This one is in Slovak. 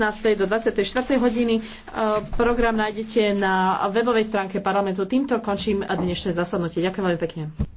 15. do 24. hodiny. E, program nájdete na webovej stránke parlamentu. Týmto končím dnešné zasadnutie. Ďakujem veľmi pekne.